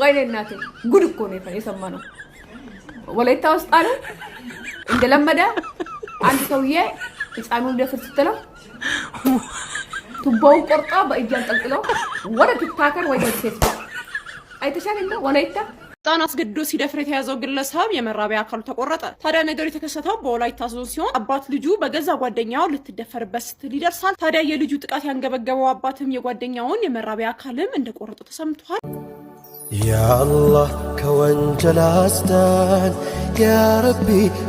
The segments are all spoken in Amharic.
ወይኔ እናቴ ጉድ እኮ ነው የሰማነው። ወላይታ ውስጥ አለ እንደለመደ አንድ ሰውዬ ህፃኑን ደፍር ስትለው ቱቦውን ቆርጣ በእጅ አንጠልጥሎ ወደ ቲክታከር ወይ ፌስቡክ አይተሻል እንደ ወላይታ ህፃን አስገድዶ ሲደፍር የተያዘው ግለሰብ የመራቢያ አካሉ ተቆረጠ። ታዲያ ነገሩ የተከሰተው በወላይታ ዞን ሲሆን አባት ልጁ በገዛ ጓደኛው ልትደፈርበት ስትል ይደርሳል። ታዲያ የልጁ ጥቃት ያንገበገበው አባትም የጓደኛውን የመራቢያ አካልም እንደቆረጡ ተሰምቷል። ያአላህ ከወንጀል አስዳን፣ ያረቢ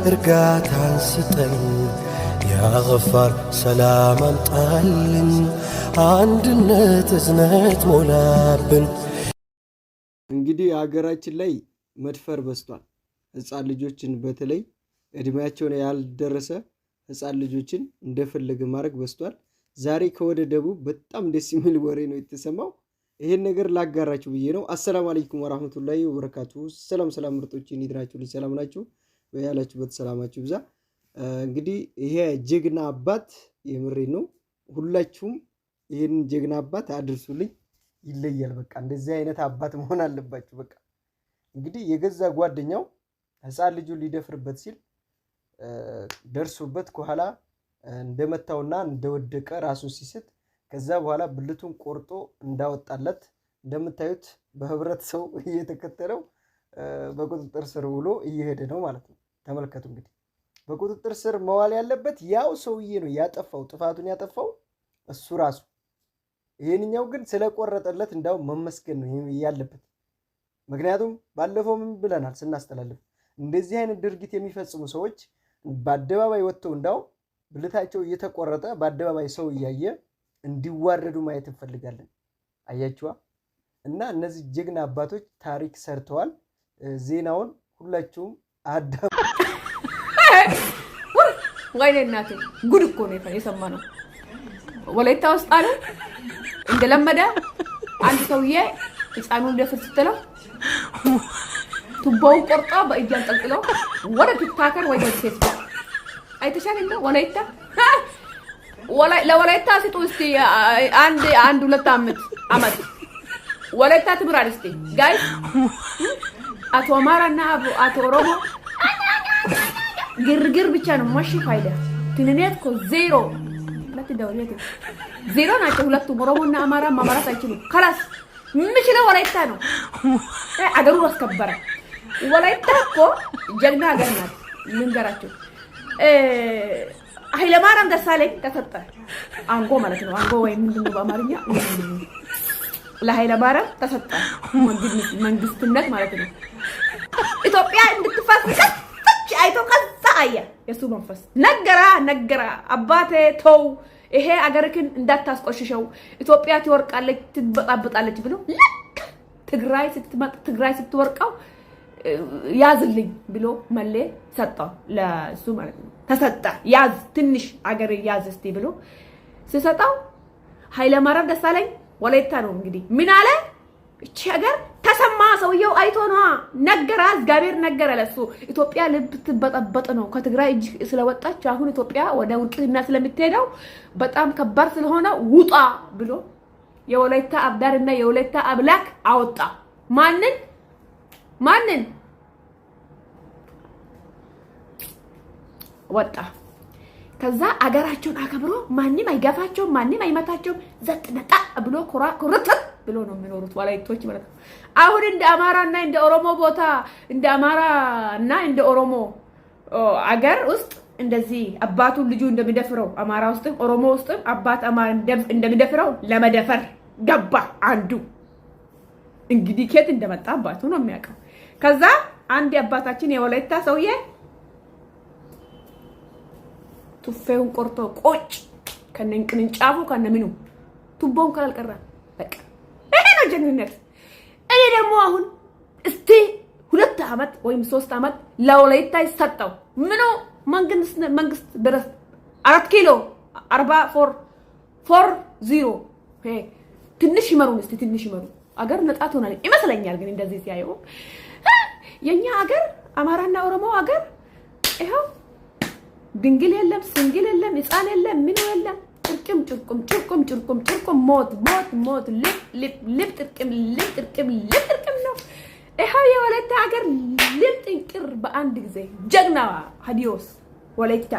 እርጋታን ስጠን፣ ያገፋር ሰላም አምጣልን፣ አንድነት እዝነት ሞላብን። እንግዲህ ሀገራችን ላይ መድፈር በስቷል ህፃን ልጆችን በተለይ እድሜያቸውን ያልደረሰ ህፃን ልጆችን እንደፈለገ ማድረግ በስቷል። ዛሬ ከወደ ደቡብ በጣም ደስ የሚል ወሬ ነው የተሰማው። ይሄን ነገር ላጋራችሁ ብዬ ነው። አሰላሙ አለይኩም ወራህመቱላሂ ወበረካቱ። ሰላም ሰላም ምርጦች እንዲድራችሁ ልጅ ሰላም ናችሁ ያላችሁበት ሰላማችሁ ብዛ። እንግዲህ ይሄ ጀግና አባት የምሬ ነው። ሁላችሁም ይሄን ጀግና አባት አድርሱልኝ። ይለያል በቃ እንደዚህ አይነት አባት መሆን አለባችሁ። በቃ እንግዲህ የገዛ ጓደኛው ህፃን ልጁን ሊደፍርበት ሲል ደርሶበት ከኋላ እንደመታውና እንደወደቀ ራሱን ሲስት ከዛ በኋላ ብልቱን ቆርጦ እንዳወጣለት እንደምታዩት በህብረት ሰው እየተከተለው በቁጥጥር ስር ውሎ እየሄደ ነው ማለት ነው። ተመልከቱ እንግዲህ በቁጥጥር ስር መዋል ያለበት ያው ሰውዬ ነው ያጠፋው፣ ጥፋቱን ያጠፋው እሱ ራሱ። ይህንኛው ግን ስለቆረጠለት እንዳው መመስገን ነው ያለበት። ምክንያቱም ባለፈው ምን ብለናል ስናስተላልፍ፣ እንደዚህ አይነት ድርጊት የሚፈጽሙ ሰዎች በአደባባይ ወጥተው እንዳው ብልታቸው እየተቆረጠ በአደባባይ ሰው እያየ እንዲዋረዱ ማየት እንፈልጋለን። አያችዋ እና እነዚህ ጀግና አባቶች ታሪክ ሰርተዋል። ዜናውን ሁላችሁም አዳም ወይኔ እናቴ ጉድ እኮ ነው የሰማነው። ወላይታ ውስጥ አለ እንደለመደ አንድ ሰውዬ ህፃኑን ደፍር ስትለው ቱቦውን ቆርጣ በእጅ አንጠልጥሎ ወደ ቲክቶከር ወይ ሴት አይተሻል እንደ ወላይታ ለወላይታ ስጡ እስቲ አንድ አንድ ሁለት አመት አመት ወላይታ ትምራል እስቲ ጋይ አቶ አማራና አቶ ኦሮሞ ግርግር ብቻ ነው። ማሽ ፋይዳ ትንኔት ኮ ዜሮ ሁለት ደውለት ዜሮ ናቸው ሁለቱም ኦሮሞና አማራ ማማራት አይችሉም። ከላስ ምችለው ወላይታ ነው። አገሩ አስከበረ። ወላይታ እኮ ጀግና ሀገር ናት። ልንገራቸው ኃይለማርያም ደሳለኝ ተሰጠ። አንጎ ማለት ነው። አንጎ ወይ ምንድን ነው በአማርኛ ለኃይለማርያም ተሰጠ መንግስትነት ማለት ነው። ኢትዮጵያ እንድትፋስ ከች አይቶ ከዛ አየ የሱ መንፈስ ነገራ ነገራ አባቴ ተው ይሄ አገርክን እንዳታስቆሽሸው ኢትዮጵያ ትወርቃለች፣ ትበጣበጣለች ብሎ ልክ ትግራይ ስትመጣ ትግራይ ስትወርቀው ያዝልኝ ብሎ መሌ ሰጠው ለሱ ማለት ነው። ተሰጠ ያዝ ትንሽ አገር ያዝ እስቲ ብሎ ሲሰጠው ኃይለማርያም ደሳለኝ ወላይታ ነው እንግዲህ ምን አለ እቺ ሀገር ተሰማ። ሰውየው አይቶ ነዋ ነገራ፣ እግዚአብሔር ነገረ ለሱ ኢትዮጵያ ልትበጠበጥ ነው ከትግራይ እጅ ስለወጣች አሁን ኢትዮጵያ ወደ ውድቅና ስለምትሄደው በጣም ከባድ ስለሆነ ውጣ ብሎ የወላይታ አብዳርና የወላይታ አብላክ አወጣ ማንን ማንን ወጣ። ከዛ አገራቸውን አከብሮ ማንም አይገፋቸውም፣ ማንም አይመታቸውም። ዘጥ ነጣ ብሎ ኩራኩርት ብሎ ነው የሚኖሩት ወላይቶች ማለት ነው። አሁን እንደ አማራና እንደ ኦሮሞ ቦታ እንደ እና እንደ ኦሮሞ አገር ውስጥ እንደዚህ አባቱን ልጁ እንደሚደፍረው አማራ ውስጥም ኦሮሞ ውስጥም አባት አማራ እንደሚደፍረው ለመደፈር ገባ አንዱ። እንግዲህ ኬት እንደመጣ አባቱ ነው የሚያውቀው። ከዛ አንድ አባታችን የወላይታ ሰውዬ ቱፌውን ቆርጦ ቆጭ ከነንቅንጫፉ ከነምኑ ቱቦውን ካላልቀራ በቃ ይሄ ነው ጀግንነት። እኔ ደግሞ አሁን እስቲ ሁለት ዓመት ወይም ሶስት ዓመት ለወላይታ ይሰጠው ምኑ መንግስት መንግስት ድረስ አራት ኪሎ አርባ ፎር ፎር ዚሮ ትንሽ ይመሩን እስቲ ትንሽ ይመሩ አገር ነጻ ትሆናለች ይመስለኛል። ግን እንደዚህ ሲያየው የእኛ አገር አማራና ኦሮሞ አገር ይኸው ድንግል የለም፣ ስንግል የለም፣ ህፃን የለም፣ ምን የለም። ጭርቅም ጭርቁም ጭርቁም ጭርቁም ጭርቁም ሞት ሞት ሞት ልብ ጥርቅም ልብ ጥርቅም ልብ ጥርቅም ነው። ይኸው የወለታ ሀገር ልብ ጥንቅር በአንድ ጊዜ ጀግናዋ ሀዲዮስ ወላይታ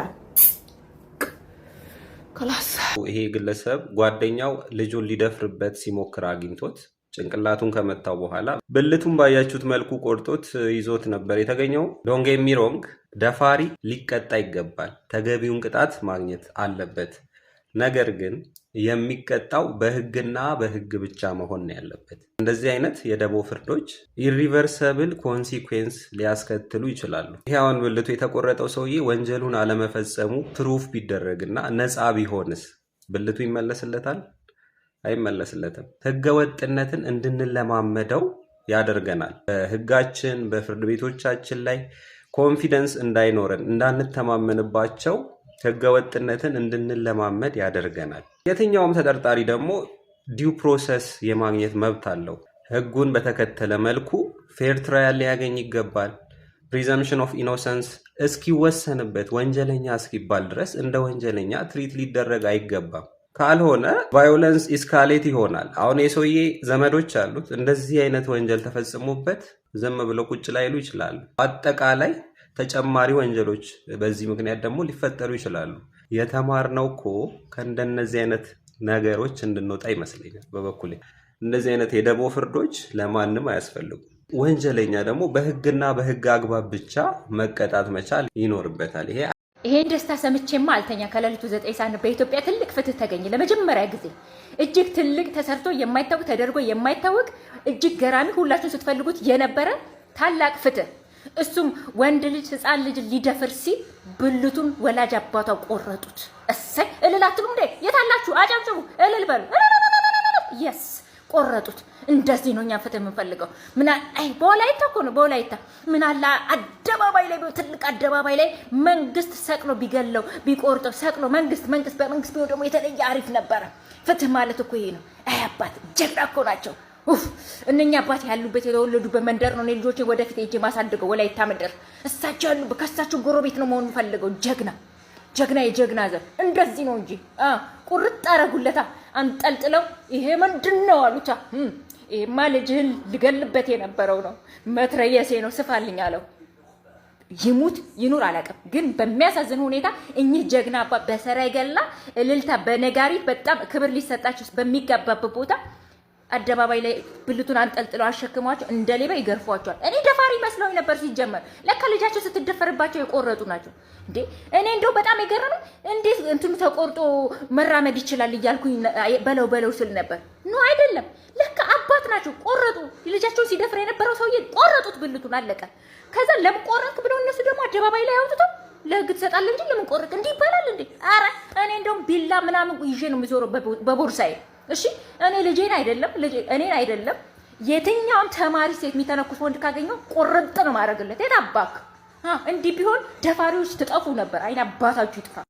ይሄ ግለሰብ ጓደኛው ልጁን ሊደፍርበት ሲሞክር አግኝቶት ጭንቅላቱን ከመታው በኋላ ብልቱን ባያችሁት መልኩ ቆርጦት ይዞት ነበር የተገኘው። ዶንት ሚሮንግ ደፋሪ ሊቀጣ ይገባል፣ ተገቢውን ቅጣት ማግኘት አለበት። ነገር ግን የሚቀጣው በህግና በህግ ብቻ መሆን ነው ያለበት። እንደዚህ አይነት የደቦ ፍርዶች ኢሪቨርሰብል ኮንሲኩዌንስ ሊያስከትሉ ይችላሉ። ይህ አሁን ብልቱ የተቆረጠው ሰውዬ ወንጀሉን አለመፈጸሙ ፕሩፍ ቢደረግና ነፃ ቢሆንስ ብልቱ ይመለስለታል? አይመለስለትም። ህገ ወጥነትን እንድንለማመደው ያደርገናል። በህጋችን በፍርድ ቤቶቻችን ላይ ኮንፊደንስ እንዳይኖረን እንዳንተማመንባቸው ህገወጥነትን እንድንለማመድ ያደርገናል። የትኛውም ተጠርጣሪ ደግሞ ዲው ፕሮሰስ የማግኘት መብት አለው። ህጉን በተከተለ መልኩ ፌር ትራያል ሊያገኝ ይገባል። ፕሪዘምፕሽን ኦፍ ኢኖሰንስ እስኪወሰንበት ወንጀለኛ እስኪባል ድረስ እንደ ወንጀለኛ ትሪት ሊደረግ አይገባም። ካልሆነ ቫዮለንስ ኢስካሌት ይሆናል። አሁን የሰውዬ ዘመዶች አሉት እንደዚህ አይነት ወንጀል ተፈጽሞበት ዝም ብሎ ቁጭ ላይሉ ይችላሉ። አጠቃላይ ተጨማሪ ወንጀሎች በዚህ ምክንያት ደግሞ ሊፈጠሩ ይችላሉ። የተማርነው እኮ ከእንደነዚህ አይነት ነገሮች እንድንወጣ ይመስለኛል። በበኩሌ እንደዚህ አይነት የደቦ ፍርዶች ለማንም አያስፈልጉም። ወንጀለኛ ደግሞ በህግና በህግ አግባብ ብቻ መቀጣት መቻል ይኖርበታል። ይሄ ይሄን ደስታ ሰምቼማ አልተኛ። ከሌሊቱ ዘጠኝ ሰዓት በኢትዮጵያ ትልቅ ፍትህ ተገኘ። ለመጀመሪያ ጊዜ እጅግ ትልቅ ተሰርቶ የማይታወቅ ተደርጎ የማይታወቅ እጅግ ገራሚ ሁላችሁን ስትፈልጉት የነበረ ታላቅ ፍትህ እሱም ወንድ ልጅ ህፃን ልጅ ሊደፍር ሲል ብልቱን ወላጅ አባቷ ቆረጡት። እሰይ እልላትሉ እንዴ? የታላችሁ አጨብጭቡ፣ እልል በሉ። የስ ቆረጡት። እንደዚህ ነው እኛም ፍትህ የምንፈልገው። ምና በወላይታ እኮ ነው በወላይታ ምናላ አደባባይ ላይ ትልቅ አደባባይ ላይ መንግስት ሰቅሎ ቢገለው ቢቆርጠው ሰቅሎ መንግስት መንግስት በመንግስት ቢሆን ደግሞ የተለየ አሪፍ ነበረ። ፍትህ ማለት እኮ ይሄ ነው። አይ አባት ጀግና እኮ ናቸው። ኡፍ እነኛ አባት ያሉበት የተወለዱበት መንደር ነው። ልጆች ወደፊት እጄ ማሳድገው ወላይታ መንደር እሳቸው ያሉበት ከእሳቸው ጎረቤት ነው መሆኑ ፈልገው ጀግና ጀግና የጀግና ዘር እንደዚህ ነው እንጂ ቁርጥ አረጉለታ አንጠልጥለው ይሄ ምንድን ነው አሉቻ። ይሄማ ልጅህን ልገልበት የነበረው ነው መትረየሴ ነው ስፋልኝ አለው። ይሙት ይኑር አላውቅም፣ ግን በሚያሳዝን ሁኔታ እኚህ ጀግና በሰራይ በሰረገላ እልልታ፣ በነጋሪት በጣም ክብር ሊሰጣቸው በሚገባበት ቦታ አደባባይ ላይ ብልቱን አንጠልጥለው አሸክሟቸው እንደ ሌባ ይገርፏቸዋል። እኔ ደፋሪ መስለው ነበር ሲጀመር፣ ለካ ልጃቸው ስትደፈርባቸው የቆረጡ ናቸው እንዴ! እኔ እንደው በጣም የገረመኝ እንዴት እንትኑ ተቆርጦ መራመድ ይችላል እያልኩኝ በለው በለው ስል ነበር። ኖ አይደለም ለካ እናት ናቸው። ቆረጡ። ልጃቸውን ሲደፍር የነበረው ሰውዬ ቆረጡት፣ ብልቱን አለቀ። ከዛ ለምን ቆረጥክ ብለው እነሱ ደግሞ አደባባይ ላይ አውጥተው ለህግ ትሰጣለህ እንጂ ለምን ቆረጥክ እንዲህ ይባላል እንዴ? አረ እኔ እንደውም ቢላ ምናምን ይዤ ነው የሚዞረው በቦርሳዬ። እሺ እኔ ልጄን አይደለም እኔን አይደለም የትኛውን ተማሪ ሴት የሚተነኩስ ወንድ ካገኘው ቆረጥ ነው ማድረግለት። የታባክ እንዲህ ቢሆን ደፋሪዎች ትጠፉ ነበር። አይን አባታችሁ ይጥፋ።